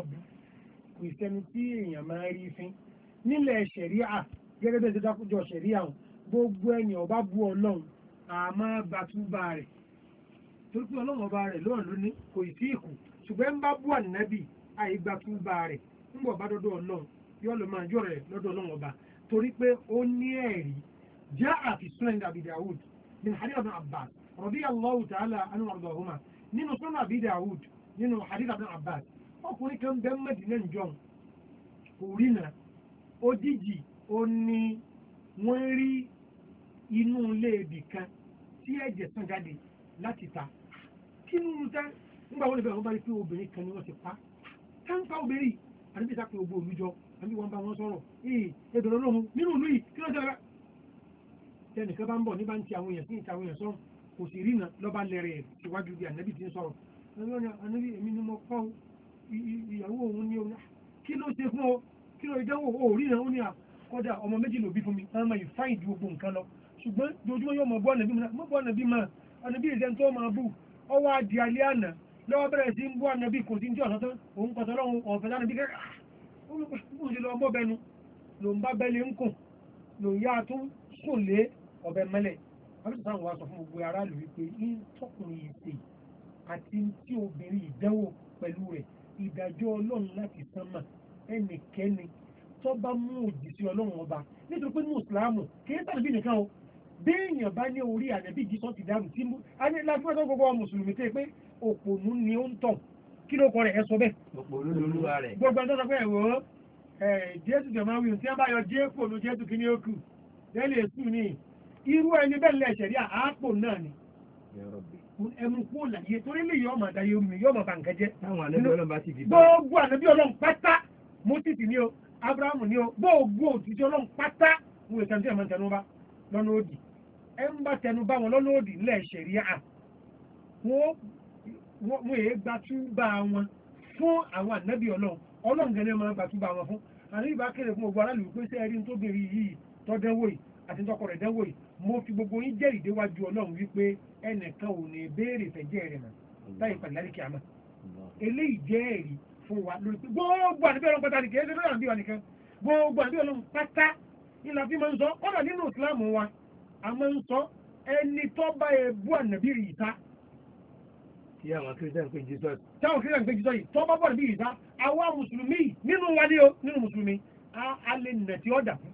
abu kò ìsẹni tí èèyàn máa rí fín nílẹ̀ ṣẹ̀ríà gẹ́gẹ́ bẹ́ẹ̀ ti dákújọ ṣẹ̀ríà o gbogbo ẹ̀yàn ọba bu ọlọ́run àmọ́ bàtúbà rẹ̀ torí pé ọlọ́run ọba rẹ̀ lóhùn lóní kò ì sí ìkù ṣùgbọ́n ń bá bú ànábì àìgbàtúbà rẹ̀ ń bọ̀ bá dọ́dọ̀ ọlọ́run yóò lọ máa jọ rẹ̀ lọ́dọ̀ ọlọ́run ọba torí pé ó ní ẹ̀rí jẹ́ àti sunan Abi Dawud min hadith ibn Abbas radiyallahu ta'ala anhu nínú sunan Abi Dawud nínú hadith ibn Abbas ọkùnrin kan bẹ́ẹ̀ mẹ́dínà ìjọ kò rí nà òjijì ó ní wọ́n rí inú ilé ibì kan tí ẹ̀jẹ̀ sàn jáde láti ta kí ní irú tá nígbà wọn lè bẹ̀rẹ̀ wọn bá rí pé obìnrin kan ni wọ́n ti pa táǹpà obìnrin àti bí sápẹ́ ogbó olújọ àbí wọn bá wọn sọ̀rọ̀ ee ẹgbẹ̀rún lóhun nínú ìlú yìí kí ló dára tẹnìkan bá ń bọ̀ ní bá ń ti àwọn èèyàn sí ìta àwọn èèyàn sọ́run kò sì rí nà lọ́ba lẹ́rẹ̀ẹ́ síwájú bí ànábì ti ń sọ̀rọ̀ ànábì èmi ni mo kọ́ ìyàwó òun ní ọ̀nà kí ló ṣe fún ọ kí ló jẹ́wọ́ òórí náà ó ní à ọmọ méjì ló fún mi wọ́n máa yìí fáìn ju nǹkan lọ ṣùgbọ́n dojúmọ́ yóò mọ̀ bọ́ ànàbí mọ́ bọ́ ànàbí mà ànàbí ìṣẹ́ tó máa bù ọwọ́ adì alẹ́ àná lọ́wọ́ bẹ̀rẹ̀ sí ń bú ànàbí kò sí ní ọ̀sán tán òun kọ̀tọ̀ ah, pẹ̀lú rẹ̀ ìdájọ́ ọlọ́run láti sánmà ẹnikẹ́ni tó bá mú òjìṣẹ́ ọlọ́run ọba nítorí pé mú ìsìláàmù kìí sàbí nìkan o béèyàn bá ní orí àdẹ́bí jísọ́ ti dàrú tí mú adé láfíwájú gbogbo mùsùlùmí tẹ́ pé òpònú ni ó ń tàn kí ló kọ rẹ̀ ẹ sọ bẹ́ẹ̀. òpònú lolúwa rẹ̀. gbogbo ẹjọ́ sọ pé ẹ̀wọ́ jésù jọ̀mọ́ wíwọ̀n tí wọ́n bá yọ jésù ònú jésù kí ni ó kù lẹ́lẹ̀ èsù ni irú ẹni bẹ́ẹ̀ lẹ́sẹ̀ rí àápò náà ni. ẹnu kú làyè torí lè yọ ọmọ àdáyé omi yọ ọmọ bàǹkà jẹ. táwọn àlejò ọlọ́run bá ti dìbò. gbogbo ọlọ́run pátá o o gbogbo ọlọ́run pátá máa tẹnu bá lọ́nà òdì ń bá tẹnu bá wọn lọ́nà òdì ńlẹ̀ à èé gbàtúbà wọn fún àwọn ọlọ́run ọlọ́run gẹ́gẹ́ máa gbàtúbà wọn fún àníbàkẹ́rẹ̀ fún gbogbo àti tọkọ rẹ̀ dánwò yìí mo fi gbogbo yín jẹ́rìí déwájú ọlọ́run wípé ẹnìkan ò ní béèrè fẹ̀jẹ́ rẹ̀ mọ̀ táyì pàdé lálẹ́ kìámà eléyìí jẹ́ ẹ̀rí fún wa lórí pé gbogbo àdébí ọlọ́run pátá nìkan ẹ̀ṣẹ̀ lọ́rọ̀ àbí wa nìkan gbogbo àdébí ọlọ́run pátá ìlà fi máa ń sọ ọ̀rọ̀ nínú ìsìláàmù wa a máa ń sọ ẹni tó bá ebú ànàbí rì ìta. tí àwọn kírísítàn pé jesus. táwọn kírísítàn pé jesus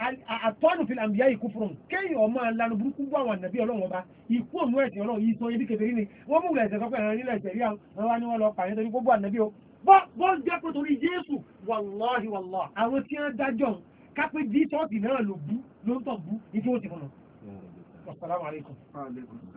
àtọ́nù fi làǹbíyá ikú fún un kéèyàn ọmọ alanu burúkú bú àwọn ànàbí ọlọ́run ọba ikú òun ẹ̀sìn ọlọ́run yìí sọ ebi kékeré ni wọ́n mú ilẹ̀ ẹ̀sẹ̀ kọ́kọ́ ẹ̀rọ nílẹ̀ ẹ̀sẹ̀ rí àwọn wa ni wọ́n lọ pààyàn torí gbogbo ànàbí o bọ́ jẹ́ pé torí Jésù wàláhi wàlá àwọn tí wọ́n dájọ́ kápẹ́ jí tọ́ọ̀tì náà ló bú ló ń tọ̀ bú ní tí ó ti fún un. Assalamu alaikum.